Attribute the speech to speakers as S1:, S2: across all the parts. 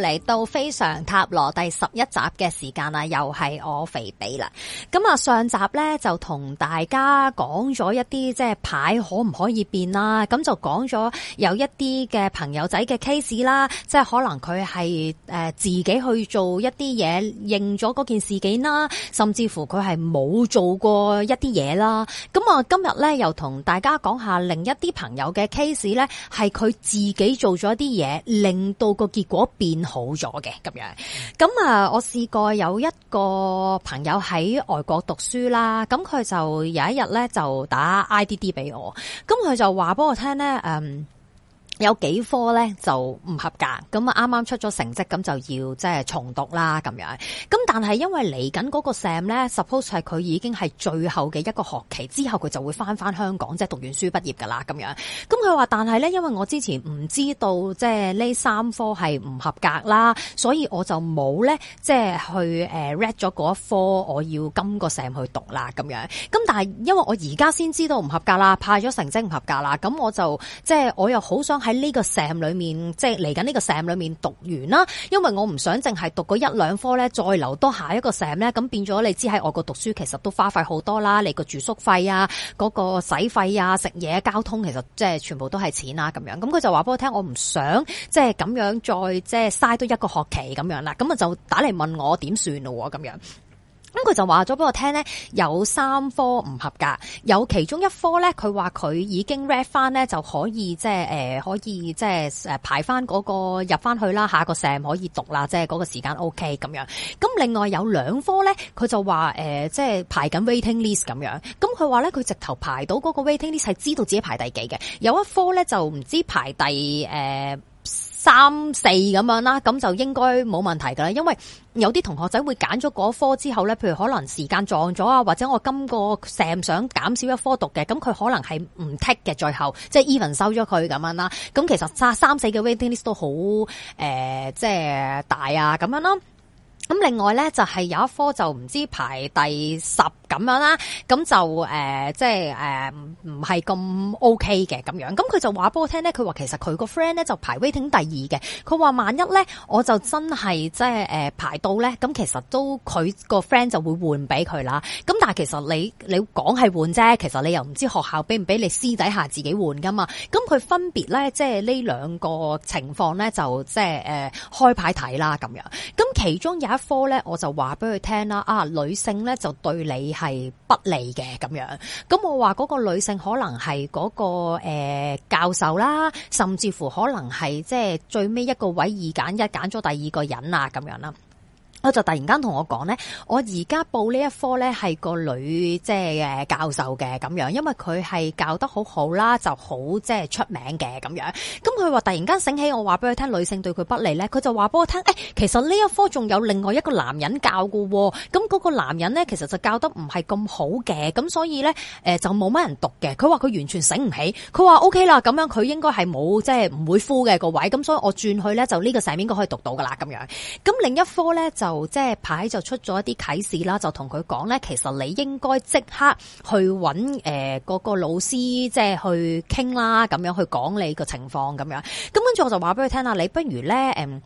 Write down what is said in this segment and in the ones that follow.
S1: 嚟到《菲常塔羅》第十一集嘅時間啊，又係我肥比啦。咁啊，上集咧，就同大家講咗一啲即係牌可唔可以變啦，咁就講咗有一啲嘅朋友仔嘅 case 啦，即係可能佢係誒自己去做一啲嘢，認咗件事件啦，甚至乎佢係冇做過一啲嘢啦。咁啊，今日咧，又同大家講下另一啲朋友嘅 case 咧，係佢自己做咗啲嘢，令到個結果變。好咗嘅咁樣，咁啊，我試過有一個朋友喺外國讀書啦，咁佢就有一日咧就打 IDD 俾我，咁佢就話俾我聽咧，嗯。有幾科咧就唔合格，咁啊啱啱出咗成績，咁就要即係重讀啦咁樣。咁但係因為嚟緊嗰個 SAM 咧，suppose 係佢已經係最後嘅一個學期之後，佢就會返返香港即係讀完書畢業㗎啦咁樣。咁佢話，但係咧，因為我之前唔知道即係呢三科係唔合格啦，所以我就冇咧即係去誒 read 咗嗰一科，我要今個 SAM 去讀啦咁樣。咁但係因為我而家先知道唔合格啦，派咗成績唔合格啦，咁我就即係我又好想。喺呢個 sem 裏面，即係嚟緊呢個 sem 裏面讀完啦，因為我唔想淨係讀嗰一兩科咧，再留多下一個 sem 咧，咁變咗你知喺外國讀書其實都花費好多啦，你個住宿費啊，嗰、嗰個使費啊，食嘢、啊、交通，其實即係全部都係錢啊咁樣。咁佢就話俾我聽，我唔想即係咁樣再即係嘥多一個學期咁樣啦，咁啊就打嚟問我點算咯咁樣。咁佢就話咗俾我聽咧，有三科唔合格，有其中一科咧，佢話佢已經 read 翻咧，就可以即係誒，可以、呃、即係誒排翻、那、嗰個入翻去啦，下個 s e m 可以讀啦，即係嗰個時間 OK 咁樣。咁另外有兩科咧，佢就話誒、呃，即係排緊 waiting list 咁樣。咁佢話咧，佢直頭排到嗰個 waiting list 係知道自己排第幾嘅。有一科咧就唔知排第誒。呃三四咁樣啦，咁就應該冇問題噶啦，因為有啲同學仔會揀咗嗰科之後呢，譬如可能時間撞咗啊，或者我今個成想減少一科讀嘅，咁佢可能係唔剔嘅最後，即係 even 收咗佢咁樣啦。咁其實三三四嘅 waiting list 都好誒、呃，即係大啊咁樣咯。咁另外呢，就係、是、有一科就唔知排第十。咁樣啦，咁就誒、呃，即係誒，唔係咁 OK 嘅咁樣。咁佢就話俾我聽咧，佢話其實佢個 friend 咧就排 waiting 第二嘅。佢話萬一咧，我就真係即係誒排到咧，咁其實都佢個 friend 就會換俾佢啦。咁但係其實你你講係換啫，其實你又唔知學校俾唔俾你私底下自己換噶嘛？咁佢分別咧，即係呢兩個情況咧，就即係誒開牌睇啦咁樣。咁其中有一科咧，我就話俾佢聽啦，啊女性咧就對你係不利嘅咁樣，咁我話嗰個女性可能係嗰、那個誒、欸、教授啦，甚至乎可能係即係最尾一個位二揀一，揀咗第二個人啊咁樣啦。佢就突然間同我講呢，我而家報呢一科呢，係個女即係誒教授嘅咁樣，因為佢係教得好好啦，就好即係出名嘅咁樣。咁佢話突然間醒起，我話俾佢聽女性對佢不利呢，佢就話俾我聽，誒其實呢一科仲有另外一個男人教噶，咁嗰個男人呢，其實就教得唔係咁好嘅，咁所以呢，誒、呃、就冇乜人讀嘅。佢話佢完全醒唔起，佢話 O K 啦，咁樣佢應該係冇即係唔會敷嘅個位，咁所以我轉去呢，就呢個層面應該可以讀到噶啦咁樣。咁另一科呢，就。即係牌就出咗一啲啟示啦，就同佢講咧，其實你應該即刻去揾誒，嗰個老師，即係去傾啦，咁樣去講你個情況咁樣。咁跟住我就話俾佢聽啦，你不如咧誒。嗯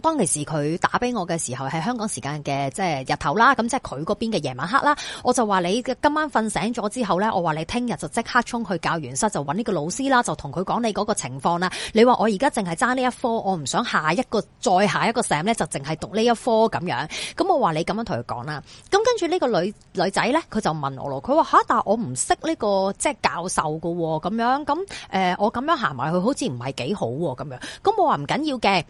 S1: 當其時佢打俾我嘅時候，係香港時間嘅，即係日頭啦，咁即係佢嗰邊嘅夜晚黑啦。我就話，你今晚瞓醒咗之後呢，我話你聽日就即刻衝去教員室，就揾呢個老師啦，就同佢講你嗰個情況啦。你話我而家淨係爭呢一科，我唔想下一個再下一個成呢，就淨係讀呢一科咁樣。咁我話你咁樣同佢講啦。咁跟住呢個女女仔呢，佢就問我咯，佢話吓，但係我唔識呢個即係教授噶咁樣。咁誒、呃，我咁樣行埋去，好似唔係幾好咁樣。咁我話唔緊要嘅。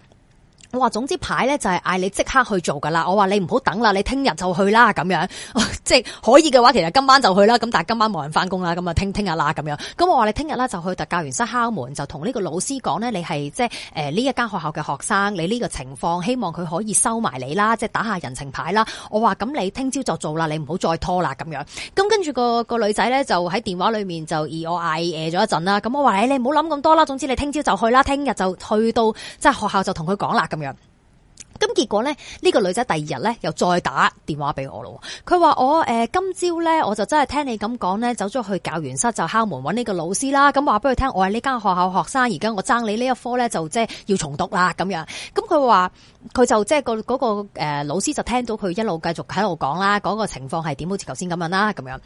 S1: 我話總之牌咧就係、是、嗌你即刻去做噶啦，我話你唔好等啦，你聽日就去啦咁樣，即 係可以嘅話，其實今晚就去啦。咁但係今晚冇人翻工啦，咁啊聽聽日啦咁樣。咁我話你聽日咧就去特教員室敲門，就同呢個老師講呢，你係即係誒呢一間學校嘅學生，你呢個情況希望佢可以收埋你啦，即係打下人情牌啦。我話咁你聽朝就做啦，你唔好再拖啦咁樣。咁跟住、那個、那個女仔咧就喺電話裏面就而我嗌誒咗一陣啦。咁、嗯、我話你唔好諗咁多啦，總之你聽朝就去啦，聽日就去到即係學校就同佢講啦。咁樣，咁 結果咧，呢個女仔第二日咧又再打電話俾我咯。佢話我誒今朝咧，我就真係聽你咁講咧，走咗去教員室就敲門搵呢個老師啦。咁話俾佢聽，我係呢間學校學生，而家我爭你呢一科咧，就即係要重讀啦。咁樣，咁佢話佢就即係個嗰個誒老師就聽到佢一路繼續喺度講啦，講個情況係點，好似頭先咁樣啦，咁樣。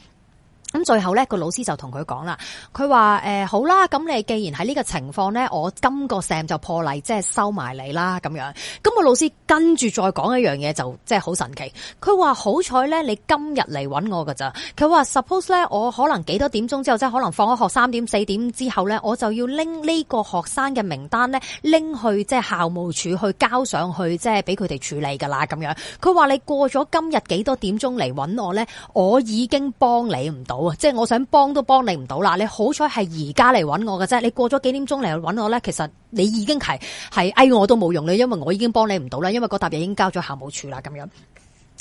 S1: 咁最後呢個老師就同佢講啦。佢話：誒、欸、好啦，咁你既然喺呢個情況呢，我今個 sem 就破例，即係收埋你啦咁樣。咁個老師跟住再講一樣嘢，就即係好神奇。佢話：好彩呢，你今日嚟揾我㗎咋？佢話：Suppose 呢，我可能幾多點鐘之後，即係可能放咗學三點四點之後呢，我就要拎呢個學生嘅名單呢，拎去即係校務處去交上去，即係俾佢哋處理㗎啦咁樣。佢話：你過咗今日幾多點鐘嚟揾我呢？我已經幫你唔到。即係我想幫都幫你唔到啦，你好彩係而家嚟揾我嘅啫，你過咗幾點鐘嚟揾我咧？其實你已經係係哀我都冇用啦，因為我已經幫你唔到啦，因為個答嘢已經交咗校務處啦，咁樣。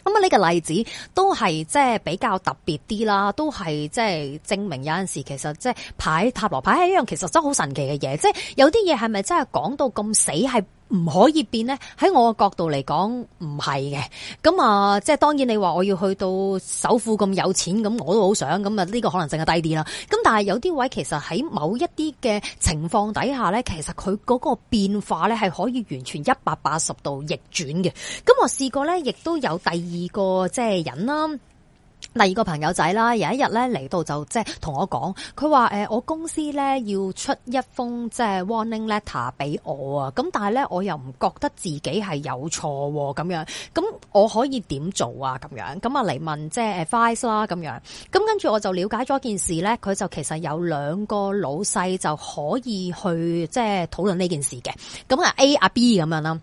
S1: 咁啊呢個例子都係即係比較特別啲啦，都係即係證明有陣時其實即係牌塔羅牌係一樣其實真係好神奇嘅嘢，即係有啲嘢係咪真係講到咁死係？唔可以變呢。喺我嘅角度嚟講，唔係嘅。咁啊，即係當然你話我要去到首富咁有錢，咁我都好想，咁啊呢個可能性係低啲啦。咁但係有啲位其實喺某一啲嘅情況底下呢，其實佢嗰個變化呢係可以完全一百八十度逆轉嘅。咁我試過呢，亦都有第二個即係人啦。第二個朋友仔啦，有一日咧，嚟到就即係同我講，佢話誒我公司咧，要出一封即係 warning letter 俾我啊，咁但係咧我又唔覺得自己係有錯咁樣，咁我可以點做啊？咁樣，咁啊嚟問即係 advice 啦，咁樣，咁跟住我就了解咗件事咧，佢就其實有兩個老細就可以去即係討論呢件事嘅，咁啊 A 啊 B 咁樣啦。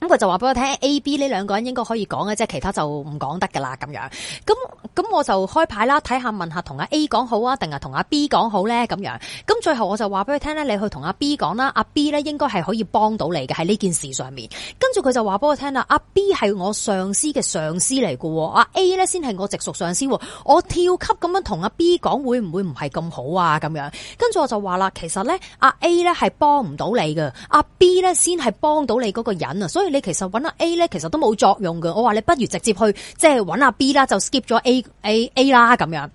S1: 咁佢就話俾我聽，A、B 呢兩個人應該可以講嘅，即係其他就唔講得噶啦咁樣。咁咁我就開牌啦，睇下問下同阿 A 講好啊，定係同阿 B 講好咧咁樣。咁最後我就話俾佢聽咧，你去同阿 B 講啦，阿 B 咧應該係可以幫到你嘅喺呢件事上面。跟住佢就話俾我聽啦，阿 B 係我上司嘅上司嚟嘅，阿 A 咧先係我直屬上司。我跳級咁樣同阿 B 講會唔會唔係咁好啊？咁樣。跟住我就話啦，其實咧阿 A 咧係幫唔到你嘅，阿 B 咧先係幫到你嗰個人啊，所以。你其實揾下 A 咧，其實都冇作用㗎。我話你不如直接去即係揾下 B 啦，就 skip 咗 A A A 啦咁樣。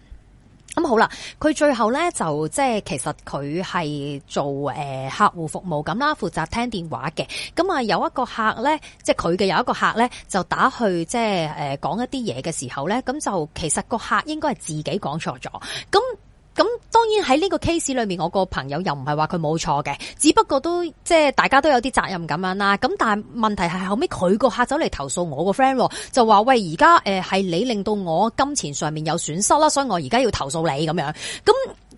S1: 咁、嗯、好啦，佢最後咧就即係其實佢係做誒、呃、客戶服務咁啦，負責聽電話嘅。咁啊有一個客咧，即係佢嘅有一個客咧就打去即係誒講一啲嘢嘅時候咧，咁就其實個客應該係自己講錯咗咁。咁當然喺呢個 case 裏面，我個朋友又唔係話佢冇錯嘅，只不過都即係大家都有啲責任咁樣啦。咁但係問題係後尾佢個客走嚟投訴我個 friend，就話喂，而家誒係你令到我金錢上面有損失啦，所以我而家要投訴你咁樣。咁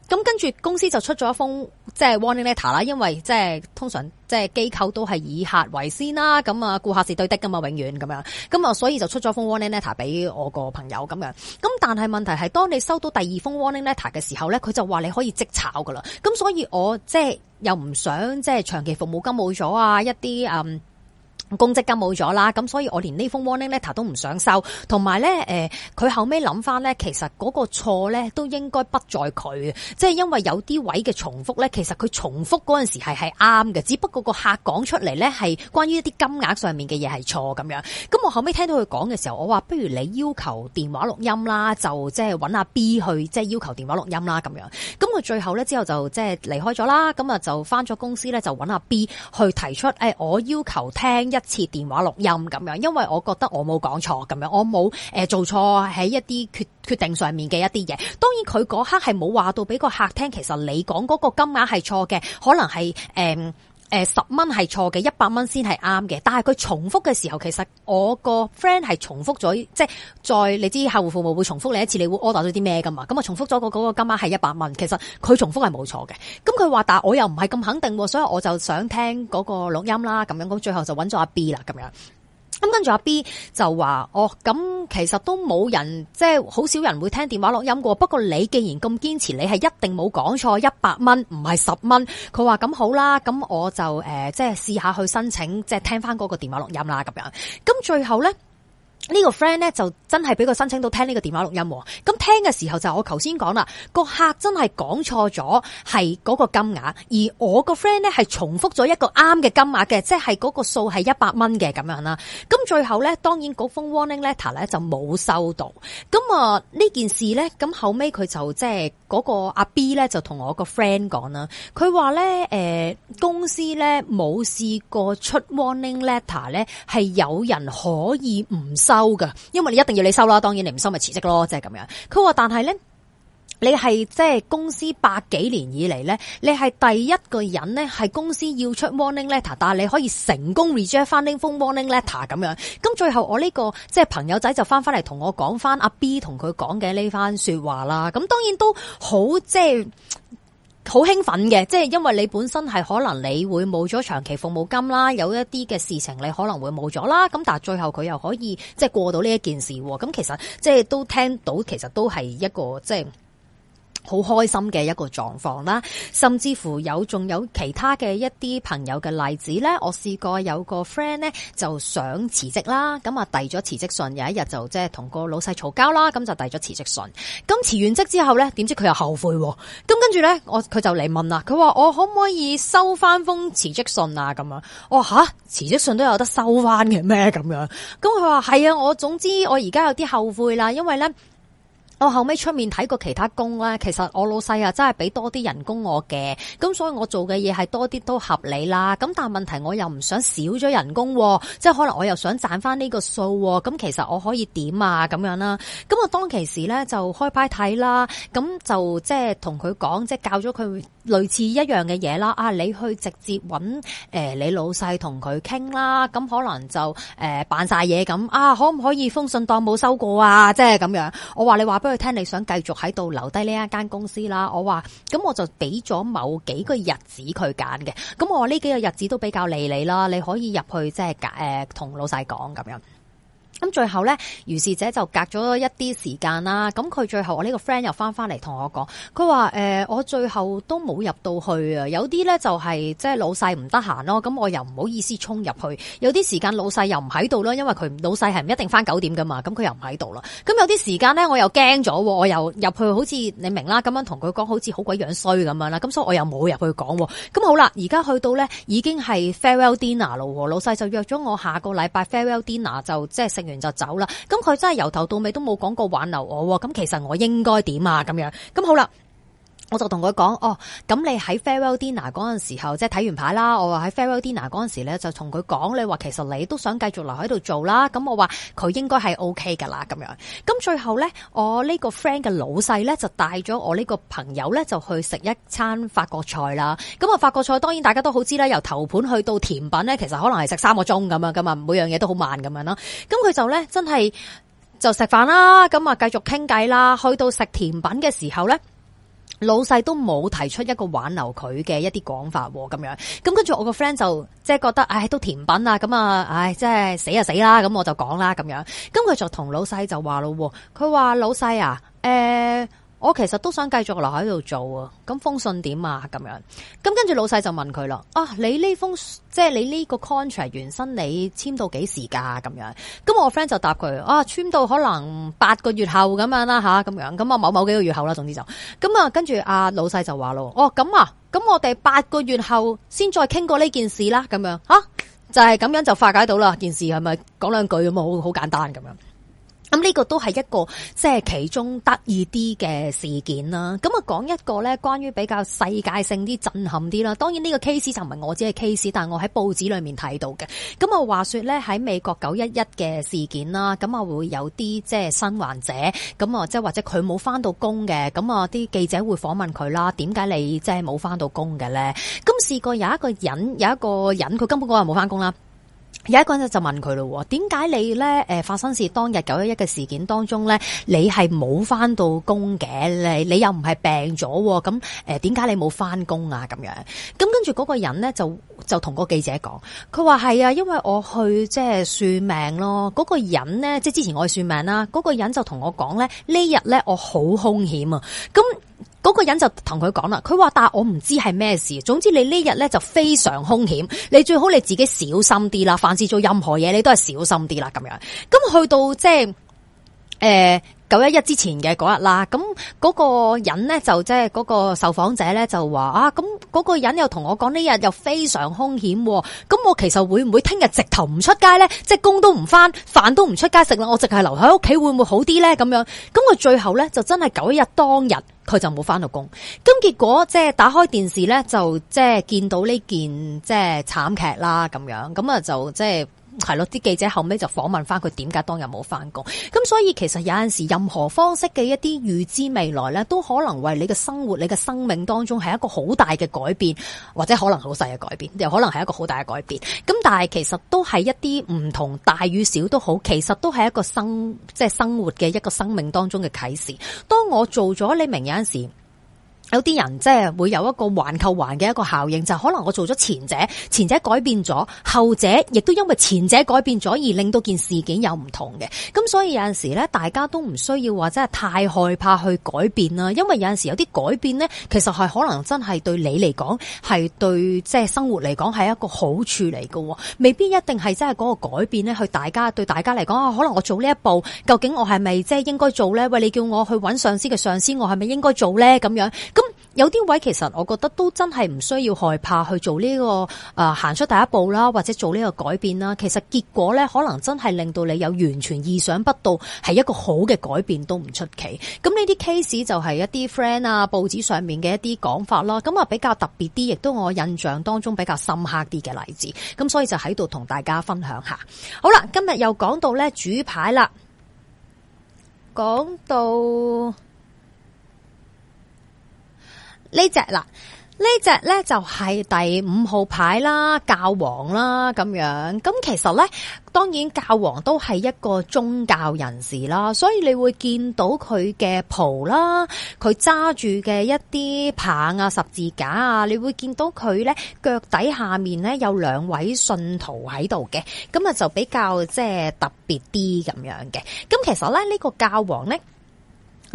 S1: 咁跟住公司就出咗一封。即係 warning letter 啦，因為即係通常即係機構都係以客為先啦，咁啊顧客是對的噶嘛，永遠咁樣，咁啊所以就出咗封 warning letter 俾我個朋友咁樣，咁但係問題係當你收到第二封 warning letter 嘅時候咧，佢就話你可以即炒噶啦，咁所以我即係又唔想即係長期服務金冇咗啊，一啲嗯。公積金冇咗啦，咁所以我連呢封 warning letter 都唔想收，同埋咧，誒、呃，佢後尾諗翻咧，其實嗰個錯咧都應該不在佢，即係因為有啲位嘅重複咧，其實佢重複嗰陣時係係啱嘅，只不過個客講出嚟咧係關於一啲金額上面嘅嘢係錯咁樣。咁我後尾聽到佢講嘅時候，我話不如你要求電話錄音啦，就即係搵阿 B 去即係要求電話錄音啦咁樣。咁佢最後咧之後就即係離開咗啦，咁啊就翻咗公司咧就搵阿 B 去提出，誒，我要求聽一次電話錄音咁樣，因為我覺得我冇講錯咁樣，我冇誒、呃、做錯喺一啲決決定上面嘅一啲嘢。當然佢嗰刻係冇話到俾個客聽，其實你講嗰個金額係錯嘅，可能係誒。呃誒、呃，十蚊係錯嘅，一百蚊先係啱嘅。但係佢重複嘅時候，其實我個 friend 係重複咗，即係再你知客戶服務會重複你一次，你會 order 咗啲咩㗎嘛？咁啊，重複咗個嗰個金額係一百蚊。其實佢重複係冇錯嘅。咁佢話，但係我又唔係咁肯定，所以我就想聽嗰個錄音啦。咁樣，咁最後就揾咗阿 B 啦。咁樣。咁跟住阿 B 就話：哦，咁其實都冇人，即係好少人會聽電話錄音噶。不過你既然咁堅持，你係一定冇講錯，一百蚊唔係十蚊。佢話咁好啦，咁我就誒、呃，即係試下去申請，即係聽翻嗰個電話錄音啦，咁樣。咁最後呢？呢個 friend 咧就真係俾佢申請到聽呢個電話錄音，咁聽嘅時候就我頭先講啦，個客真係講錯咗，係個金額，而我個 friend 咧係重複咗一個啱嘅金額嘅，即係個數係一百蚊嘅咁樣啦。咁最後咧，當然封 warning letter 咧就冇收到。咁啊呢件事咧，咁後尾佢就即係、就是、個阿 B 咧就同我個 friend 講啦，佢話咧誒公司咧冇試過出 warning letter 咧係有人可以唔收。收噶，因為你一定要你收啦，當然你唔收咪辭職咯，即係咁樣。佢話但係咧，你係即係公司百幾年以嚟咧，你係第一個人咧，係公司要出 warning letter，但係你可以成功 reject 翻呢封 warning letter 咁樣。咁最後我呢、這個即係、就是、朋友仔就翻翻嚟同我講翻阿 B 同佢講嘅呢番說話啦。咁當然都好即係。就是好興奮嘅，即係因為你本身係可能你會冇咗長期服務金啦，有一啲嘅事情你可能會冇咗啦，咁但係最後佢又可以即係過到呢一件事喎，咁其實即係都聽到，其實都係一個即係。好開心嘅一個狀況啦，甚至乎有仲有其他嘅一啲朋友嘅例子呢。我試過有個 friend 呢，就想辭職啦，咁啊遞咗辭職信，有一日就即係同個老細嘈交啦，咁就遞咗辭職信。咁辭完職之後呢，點知佢又後悔。咁跟住呢，我佢就嚟問啦，佢話我可唔可以收翻封辭職信啊？咁啊，我話吓辭職信都有得收翻嘅咩？咁樣，咁佢話係啊，我總之我而家有啲後悔啦，因為呢。」我後尾出面睇過其他工咧，其實我老細啊真係俾多啲人工我嘅，咁所以我做嘅嘢係多啲都合理啦。咁但係問題我又唔想少咗人工，即係可能我又想賺翻呢個數。咁其實我可以點啊咁樣啦？咁我當其時咧就開牌睇啦，咁就即係同佢講，即係教咗佢類似一樣嘅嘢啦。啊，你去直接揾、呃、你老細同佢傾啦。咁可能就誒、呃、扮曬嘢咁啊？可唔可以封信當冇收過啊？即係咁樣。我話你話。俾佢聽，你想繼續喺度留低呢一間公司啦，我話咁我就俾咗某幾個日子佢揀嘅，咁我話呢幾個日子都比較利你啦，你可以入去即係誒同老細講咁樣。咁最後咧，於是者就隔咗一啲時間啦。咁佢最後，最後我呢個 friend 又翻翻嚟同我講，佢話：誒、欸，我最後都冇入到去啊。有啲咧就係即係老細唔得閒咯。咁我又唔好意思衝入去。有啲時間老細又唔喺度咯，因為佢老細係唔一定翻九點噶嘛。咁佢又唔喺度啦。咁有啲時間咧，我又驚咗，我又入去好似你明啦咁樣同佢講，好似好鬼樣衰咁樣啦。咁所以我又冇入去講。咁好啦，而家去到咧已經係 farewell dinner 咯。老細就約咗我下個禮拜 farewell dinner 就即係食。完就走啦，咁佢真係由頭到尾都冇講過挽留我，咁其實我應該點啊？咁樣，咁好啦。我就同佢講哦，咁你喺 farewell dinner 陣時候，即係睇完牌啦。我話喺 farewell dinner 陣時咧，就同佢講，你話其實你都想繼續留喺度做啦。咁我話佢應該係 OK 噶啦，咁樣。咁最後咧，我呢個 friend 嘅老細咧就帶咗我呢個朋友咧就，就去食一餐法國菜啦。咁啊，法國菜當然大家都好知啦，由頭盤去到甜品咧，其實可能係食三個鐘咁啊，咁啊，每樣嘢都好慢咁樣啦。咁佢就咧真係就食飯啦，咁啊繼續傾偈啦。去到食甜品嘅時候咧。老細都冇提出一個挽留佢嘅一啲講法咁樣，咁跟住我個 friend 就即係覺得，唉，都甜品啊，咁啊，唉，即係死啊死啦，咁我就講啦咁樣，咁佢就同老細就話咯，佢話老細啊，誒、欸。我其實都想繼續留喺度做啊，咁封信點啊咁樣，咁跟住老細就問佢啦，啊你呢封即係你呢個 contract 原生你簽到幾時㗎咁樣？咁我 friend 就答佢啊簽到可能八個月後咁樣啦吓，咁樣，咁啊某某幾個月後啦，總之就咁啊跟住阿老細就話咯，哦咁啊，咁、啊、我哋八個月後先再傾過呢件事啦，咁樣嚇、啊、就係、是、咁樣就化解到啦件事係咪？講兩句咁啊，好好簡單咁樣。咁呢、嗯，這個都係一個即係其中得意啲嘅事件啦。咁、嗯、啊講一個咧，關於比較世界性啲震撼啲啦。當然呢個 case 就唔係我只係 case，但係我喺報紙裏面睇到嘅。咁、嗯、啊話說咧喺美國九一一嘅事件啦，咁、嗯、啊會有啲即係新患者，咁、嗯、啊即係或者佢冇翻到工嘅，咁啊啲記者會訪問佢啦。點解你即係冇翻到工嘅咧？咁、嗯、試過有一個人，有一個人佢根本嗰日冇翻工啦。有一個人就問佢咯，點解你咧誒發生事當日九一一嘅事件當中咧，你係冇翻到工嘅？你又你又唔係病咗？咁誒點解你冇翻工啊？咁樣咁跟住嗰個人咧就就同個記者講，佢話係啊，因為我去即係算命咯。嗰個人咧即係之前我去算命啦，嗰個人就同我講咧呢日咧我好凶險啊！咁嗰個人就同佢講啦，佢話：但係我唔知係咩事，總之你呢日咧就非常兇險，你最好你自己小心啲啦，凡事做任何嘢你都係小心啲啦，咁樣。咁去到即係誒。呃九一一之前嘅嗰日啦，咁嗰個人呢，就即係嗰個受訪者呢，就話啊，咁嗰個人又同我講呢日又非常兇險，咁我其實會唔會聽日直頭唔出街呢？即係工都唔翻，飯都唔出街食啦，我淨係留喺屋企會唔會好啲呢？咁樣，咁佢最後呢，就真係九一日當日佢就冇翻到工，咁結果即係打開電視呢，就即係見到呢件即係慘劇啦，咁樣，咁啊就即係。係咯，啲記者後尾就訪問翻佢點解當日冇翻工，咁所以其實有陣時任何方式嘅一啲預知未來呢，都可能為你嘅生活、你嘅生命當中係一個好大嘅改變，或者可能好細嘅改變，又可能係一個好大嘅改變。咁但係其實都係一啲唔同大與小都好，其實都係一個生即係、就是、生活嘅一個生命當中嘅啟示。當我做咗，你明有陣時。有啲人即係會有一個環扣環嘅一個效應，就可能我做咗前者，前者改變咗，後者亦都因為前者改變咗而令到件事件有唔同嘅。咁所以有陣時咧，大家都唔需要話真係太害怕去改變啦，因為有陣時有啲改變咧，其實係可能真係對你嚟講係對即係生活嚟講係一個好處嚟嘅，哦，未必一定係真係嗰個改變咧去大家對大家嚟講啊，可能我做呢一步，究竟我係咪即係應該做咧？喂，你叫我去揾上司嘅上司，我係咪應該做咧？咁樣咁。有啲位其實我覺得都真係唔需要害怕去做呢個誒，行出第一步啦，或者做呢個改變啦。其實結果呢，可能真係令到你有完全意想不到係一個好嘅改變都唔出奇。咁呢啲 case 就係一啲 friend 啊、報紙上面嘅一啲講法啦。咁啊，比較特別啲，亦都我印象當中比較深刻啲嘅例子。咁所以就喺度同大家分享下。好啦，今日又講到呢，主牌啦，講到。呢隻嗱，呢隻咧就係第五號牌啦，教皇啦咁樣。咁其實呢，當然教皇都係一個宗教人士啦，所以你會見到佢嘅袍啦，佢揸住嘅一啲棒啊、十字架啊，你會見到佢呢腳底下面呢有兩位信徒喺度嘅，咁啊就比較即係特別啲咁樣嘅。咁其實咧呢，呢個教皇呢，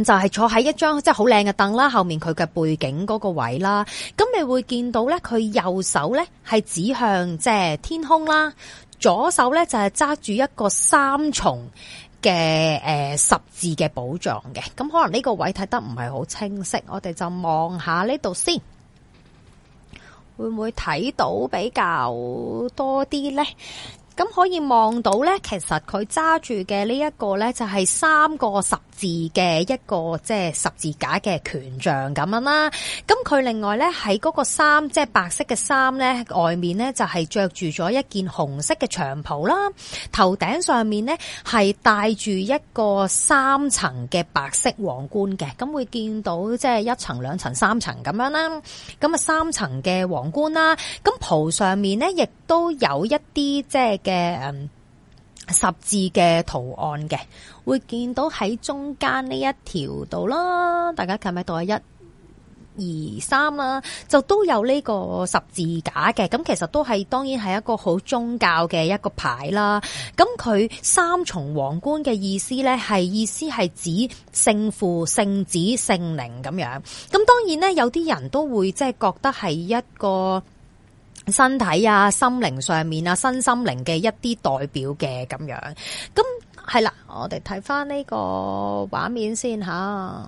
S1: 就係坐喺一張即係好靚嘅凳啦，後面佢嘅背景嗰個位啦，咁你會見到呢，佢右手呢係指向即係天空啦，左手呢就係揸住一個三重嘅誒、呃、十字嘅寶藏嘅，咁可能呢個位睇得唔係好清晰，我哋就望下呢度先，會唔會睇到比較多啲呢？咁可以望到咧，其實佢揸住嘅呢一個咧，就係三個十字嘅一個即係十字架嘅權杖咁樣啦。咁佢另外咧喺嗰個衫，即係白色嘅衫咧，外面咧就係着住咗一件紅色嘅長袍啦。頭頂上面咧係戴住一個三層嘅白色皇冠嘅，咁會見到即係一層、兩層、三層咁樣啦。咁啊，三層嘅皇冠啦，咁袍上面咧亦。都有一啲即係嘅，嗯、十字嘅圖案嘅，會見到喺中間呢一條度啦，大家計咪度一、二、三啦，啊，就都有呢個十字架嘅。咁其實都係當然係一個好宗教嘅一個牌啦。咁佢三重皇冠嘅意思呢，係意思係指聖父、聖子、聖靈咁樣。咁當然呢，有啲人都會即係覺得係一個。身體啊、心靈上面啊、身心靈嘅一啲代表嘅咁樣，咁係啦，我哋睇翻呢個畫面先吓。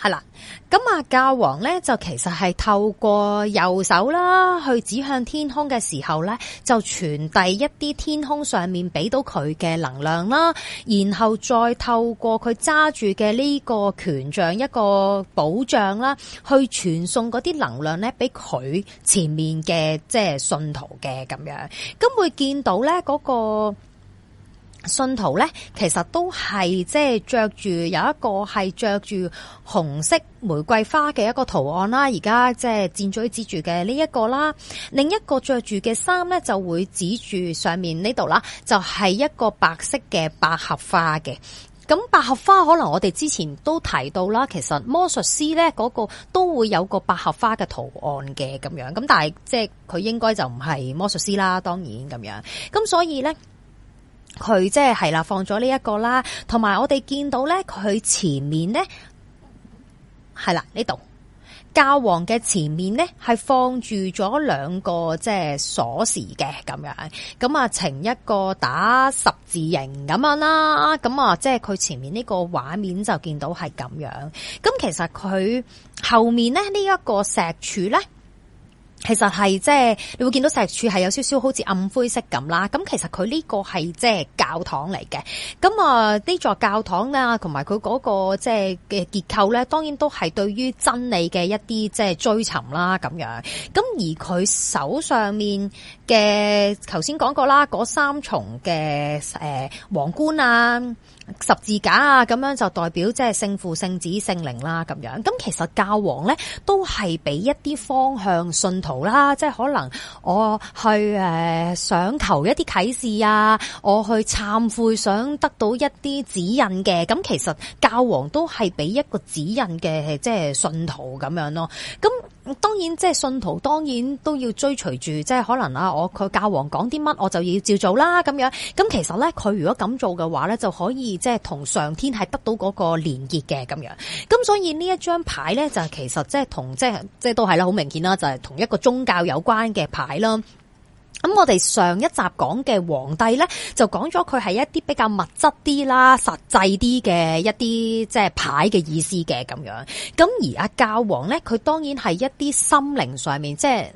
S1: 係啦，咁啊，教皇咧就其實係透過右手啦，去指向天空嘅時候咧，就傳遞一啲天空上面俾到佢嘅能量啦，然後再透過佢揸住嘅呢個權杖一個保障啦，去傳送嗰啲能量咧，俾佢前面嘅即係信徒嘅咁樣，咁會見到咧、那、嗰個。信徒咧，其實都係即係着住有一個係着住紅色玫瑰花嘅一個圖案啦。而家即係箭嘴指住嘅呢一個啦，另一個着住嘅衫咧就會指住上面呢度啦，就係一個白色嘅百合花嘅。咁百合花可能我哋之前都提到啦，其實魔術師咧嗰個都會有個百合花嘅圖案嘅咁樣。咁但係即係佢應該就唔係魔術師啦，當然咁樣。咁所以咧。佢即係係啦，放咗呢一個啦，同埋我哋見到咧，佢前面咧係啦，呢度教皇嘅前面咧係放住咗兩個即係鎖匙嘅咁樣，咁啊呈一個打十字形咁樣啦，咁啊即係佢前面呢個畫面就見到係咁樣，咁其實佢後面咧呢一個石柱咧。其實係即係你會見到石柱係有少少好似暗灰色咁啦，咁其實佢呢個係即係教堂嚟嘅，咁啊呢座教堂啊，同埋佢嗰個即係嘅結構咧，當然都係對於真理嘅一啲即係追尋啦咁樣，咁而佢手上面嘅頭先講過啦，嗰三重嘅誒皇冠啊，十字架啊，咁樣就代表即係聖父、聖子、聖靈啦，咁樣。咁其實教皇咧都係俾一啲方向信徒啦，即係可能我去誒、呃、想求一啲啟示啊，我去懺悔想得到一啲指引嘅。咁其實教皇都係俾一個指引嘅，即係信徒咁樣咯。咁當然，即係信徒，當然都要追隨住，即係可能啦、啊。我佢教皇講啲乜，我就要照做啦。咁樣，咁其實咧，佢如果咁做嘅話咧，就可以即係同上天係得到嗰個連結嘅咁樣。咁所以一張呢一張牌咧，就其實即係同即係即係都係啦，好明顯啦，就係同一個宗教有關嘅牌啦。咁我哋上一集講嘅皇帝咧，就講咗佢係一啲比較物質啲啦、實際啲嘅一啲即係牌嘅意思嘅咁樣。咁而阿教皇咧，佢當然係一啲心靈上面，即係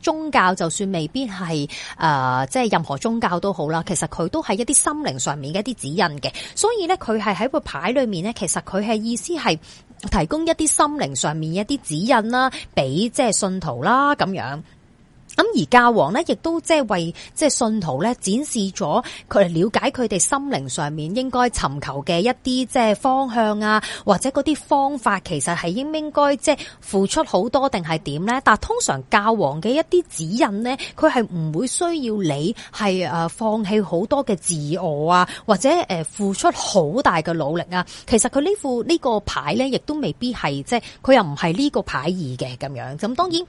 S1: 宗教，就算未必係誒、呃，即係任何宗教都好啦。其實佢都係一啲心靈上面嘅一啲指引嘅。所以咧，佢係喺個牌裏面咧，其實佢係意思係提供一啲心靈上面一啲指引啦，俾即係信徒啦咁樣。咁而教皇咧，亦都即係為即係信徒咧展示咗佢了解佢哋心靈上面應該尋求嘅一啲即係方向啊，或者嗰啲方法，其實係應唔應該即係付出好多定係點咧？但係通常教皇嘅一啲指引咧，佢係唔會需要你係誒放棄好多嘅自我啊，或者誒付出好大嘅努力啊。其實佢呢副呢、呢個牌咧，亦都未必係即係佢又唔係呢個牌意嘅咁樣。咁當然。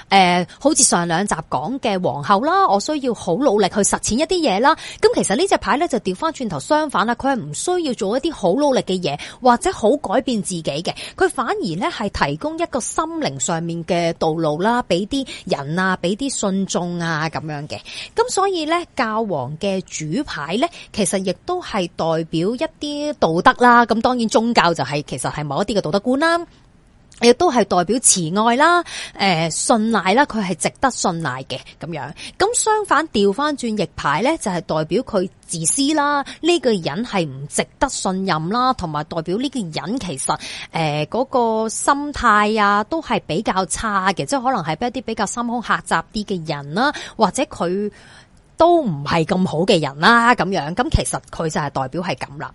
S1: 誒、呃，好似上兩集講嘅皇后啦，我需要好努力去實踐一啲嘢啦。咁其實隻呢隻牌咧就調翻轉頭相反啦，佢係唔需要做一啲好努力嘅嘢，或者好改變自己嘅。佢反而咧係提供一個心靈上面嘅道路啦，俾啲人啊，俾啲信眾啊咁樣嘅。咁所以咧教皇嘅主牌咧，其實亦都係代表一啲道德啦。咁當然宗教就係、是、其實係某一啲嘅道德觀啦。亦都係代表慈愛啦，誒、呃，信賴啦，佢係值得信賴嘅咁樣。咁相反掉返轉逆牌咧，就係代表佢自私啦，呢、這個人係唔值得信任啦，同埋代表呢個人其實誒嗰、呃那個心態啊，都係比較差嘅，即係可能係俾一啲比較心胸狹窄啲嘅人啦，或者佢都唔係咁好嘅人啦，咁樣。咁其實佢就係代表係咁啦。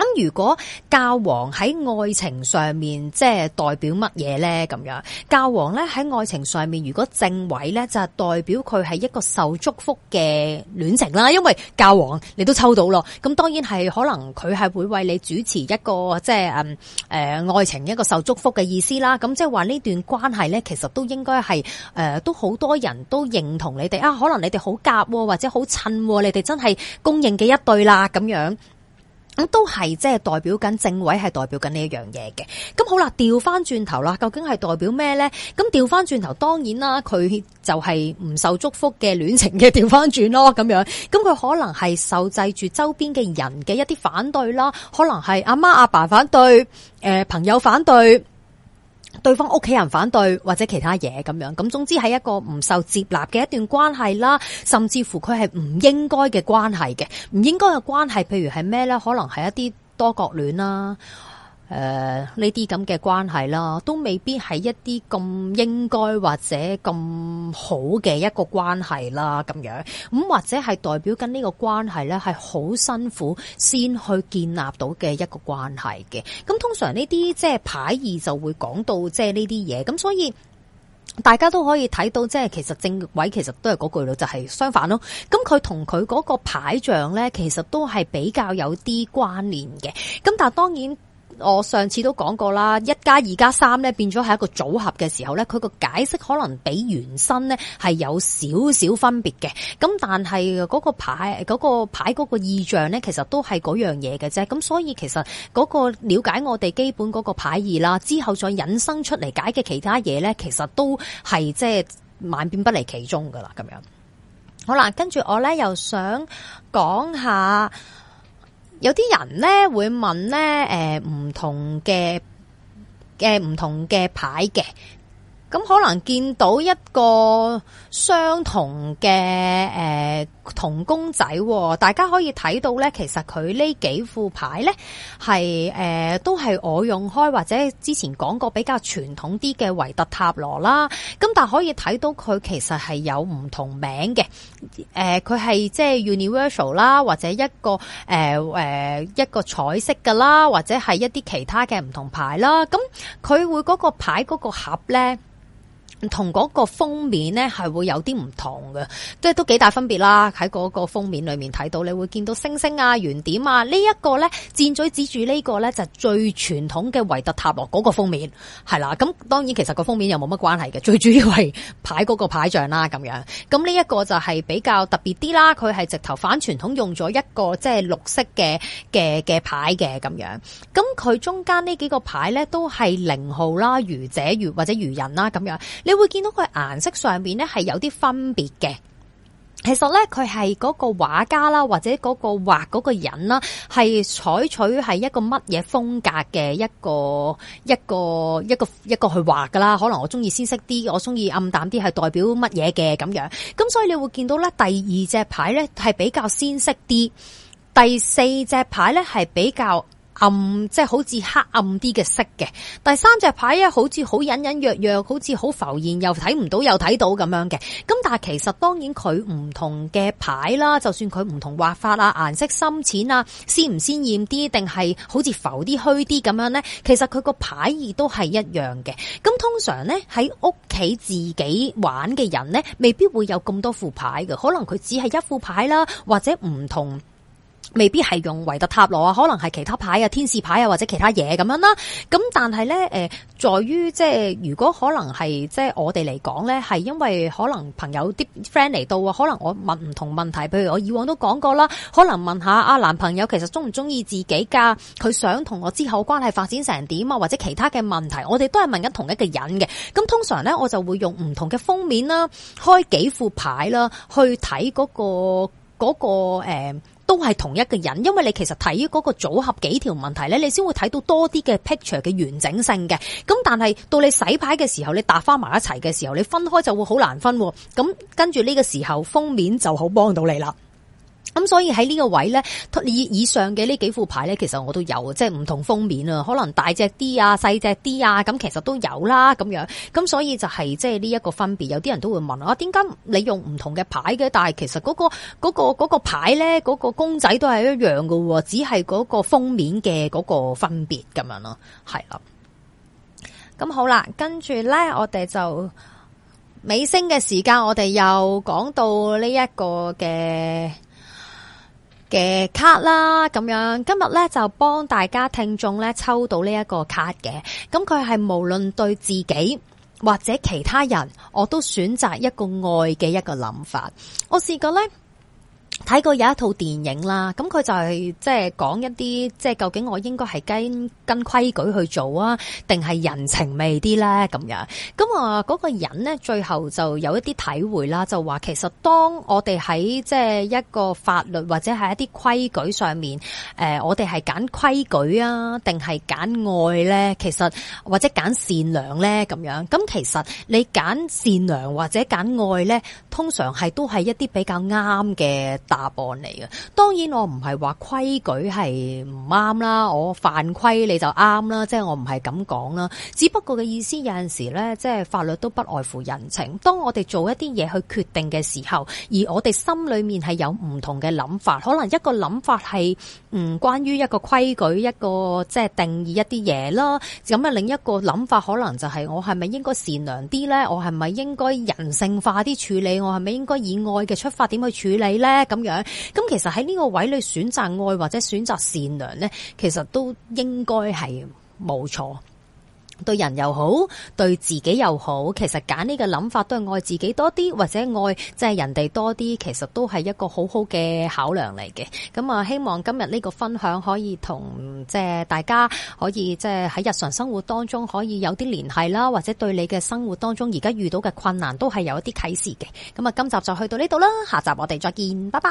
S1: 咁如果教皇喺愛情上面，即係代表乜嘢呢？咁樣教皇咧喺愛情上面，如果正位咧，就係代表佢係一個受祝福嘅戀情啦。因為教皇你都抽到咯，咁當然係可能佢係會為你主持一個即係誒誒愛情一個受祝福嘅意思啦。咁即係話呢段關係咧，其實都應該係誒都好多人都認同你哋啊，可能你哋好夾或者好襯，你哋真係公認嘅一對啦，咁樣。咁都係即係代表緊正位係代表緊呢一樣嘢嘅。咁好啦，調翻轉頭啦，究竟係代表咩呢？咁調翻轉頭，當然啦，佢就係唔受祝福嘅戀情嘅調翻轉咯，咁樣，咁佢可能係受制住周邊嘅人嘅一啲反對啦，可能係阿媽阿爸反對，誒，朋友反對。對方屋企人反對或者其他嘢咁樣，咁總之係一個唔受接納嘅一段關係啦，甚至乎佢係唔應該嘅關係嘅，唔應該嘅關係，譬如係咩呢？可能係一啲多角戀啦。誒，呢啲咁嘅關係啦，都未必係一啲咁應該或者咁好嘅一個關係啦，咁樣咁或者係代表緊呢個關係呢，係好辛苦先去建立到嘅一個關係嘅。咁通常呢啲即係牌意就會講到即係呢啲嘢，咁所以大家都可以睇到，即係其實正位其實都係嗰句咯，就係相反咯。咁佢同佢嗰個牌象呢，其實都係比較有啲關聯嘅。咁但係當然。我上次都講過啦，一加二加三咧變咗係一個組合嘅時候咧，佢個解釋可能比原生咧係有少少分別嘅。咁但係嗰個牌，嗰個牌嗰個意象咧，其實都係嗰樣嘢嘅啫。咁所以其實嗰個了解我哋基本嗰個牌意啦，之後再引申出嚟解嘅其他嘢咧，其實都係即係萬變不離其宗噶啦。咁樣好啦，跟住我咧又想講下。有啲人咧會問咧，誒、呃，唔同嘅嘅唔同嘅牌嘅，咁可能見到一個相同嘅誒。呃同公仔，大家可以睇到咧，其實佢呢幾副牌咧，係誒、呃、都係我用開或者之前講過比較傳統啲嘅維特塔羅啦。咁但係可以睇到佢其實係有唔同名嘅，誒佢係即係 Universal 啦，是是 Un al, 或者一個誒誒、呃、一個彩色噶啦，或者係一啲其他嘅唔同牌啦。咁佢會嗰個牌嗰個盒咧。同嗰個封面呢係會有啲唔同嘅，即係都幾大分別啦。喺嗰個封面裏面睇到，你會見到星星啊、圓點啊。呢一個呢，箭嘴指住呢個呢，就係最傳統嘅維特塔羅嗰個封面，係啦。咁當然其實個封面又冇乜關係嘅，最主要係牌嗰個牌像啦咁樣。咁呢一個就係比較特別啲啦，佢係直頭反傳統，用咗一個即係綠色嘅嘅嘅牌嘅咁樣。咁佢中間呢幾個牌呢，都係零號啦、愚者、愚或者愚人啦咁樣。你會見到佢顏色上邊咧係有啲分別嘅，其實咧佢係嗰個畫家啦，或者嗰個畫嗰個人啦，係採取係一個乜嘢風格嘅一個一個一個一個去畫噶啦。可能我中意鮮色啲，我中意暗淡啲，係代表乜嘢嘅咁樣。咁所以你會見到咧，第二隻牌咧係比較鮮色啲，第四隻牌咧係比較。暗、嗯、即係好似黑暗啲嘅色嘅，第三隻牌咧好似好隱隱約約，好似好浮現，又睇唔到又睇到咁樣嘅。咁但係其實當然佢唔同嘅牌啦，就算佢唔同畫法啊、顏色深淺啊、鮮唔鮮艷啲，定係好似浮啲、虛啲咁樣呢，其實佢個牌亦都係一樣嘅。咁通常呢，喺屋企自己玩嘅人呢，未必會有咁多副牌嘅，可能佢只係一副牌啦，或者唔同。未必係用維特塔羅啊，可能係其他牌啊，天使牌啊，或者其他嘢咁樣啦。咁但係呢，誒、呃，在於即係如果可能係即係我哋嚟講呢，係因為可能朋友啲 friend 嚟到啊，可能我問唔同問題，譬如我以往都講過啦，可能問下啊男朋友其實中唔中意自己噶，佢想同我之後關係發展成點啊，或者其他嘅問題，我哋都係問緊同一個人嘅。咁通常呢，我就會用唔同嘅封面啦，開幾副牌啦，去睇嗰、嗰個、嗰個誒。呃都係同一個人，因為你其實睇嗰個組合幾條問題咧，你先會睇到多啲嘅 picture 嘅完整性嘅。咁但係到你洗牌嘅時候，你搭翻埋一齊嘅時候，你分開就會好難分。咁、嗯、跟住呢個時候封面就好幫到你啦。咁所以喺呢個位呢，以以上嘅呢幾副牌呢，其實我都有，即係唔同封面啊，可能大隻啲啊，細隻啲啊，咁其實都有啦，咁樣。咁所以就係即係呢一個分別。有啲人都會問啊，點解你用唔同嘅牌嘅？但係其實嗰個、嗰個、嗰個、嗰個嗰個牌呢，嗰個、嗰個公仔都係一樣噶，只係嗰個封面嘅嗰個分別咁樣咯，係啦。咁好啦，跟住呢，我哋就尾聲嘅時間，我哋又講到呢一個嘅。嘅卡啦咁樣，今日咧就幫大家聽眾咧抽到呢一個卡嘅，咁佢係無論對自己或者其他人，我都選擇一個愛嘅一個諗法。我試過呢。睇過有一套電影啦，咁佢就係即係講一啲，即係究竟我應該係跟跟規矩去做啊，定係人情味啲咧咁樣。咁啊，嗰個人呢，最後就有一啲體會啦，就話其實當我哋喺即係一個法律或者係一啲規矩上面，誒、呃，我哋係揀規矩啊，定係揀愛咧？其實或者揀善良咧咁樣。咁其實你揀善良或者揀愛咧，通常係都係一啲比較啱嘅答案嚟嘅。當然我唔係話規矩係唔啱啦，我犯規你就啱啦，即係我唔係咁講啦，只不過嘅意思有陣時咧，即係法律都不外乎人情。當我哋做一啲嘢去決定嘅時候，而我哋心裏面係有唔同嘅諗法，可能一個諗法係唔關於一個規矩，一個即係定義一啲嘢啦，咁啊，另一個諗法可能就係我係咪應該善良啲咧？我係咪應該人性化啲處理？我係咪應該以愛嘅出發點去處理咧？咁咁樣，咁其實喺呢個位你選擇愛或者選擇善良咧，其實都應該係冇錯。對人又好，對自己又好，其實揀呢個諗法都係愛自己多啲，或者愛即係人哋多啲，其實都係一個好好嘅考量嚟嘅。咁啊，希望今日呢個分享可以同即係大家可以即係喺日常生活當中可以有啲聯繫啦，或者對你嘅生活當中而家遇到嘅困難都係有一啲啟示嘅。咁啊，今集就去到呢度啦，下集我哋再見，拜拜。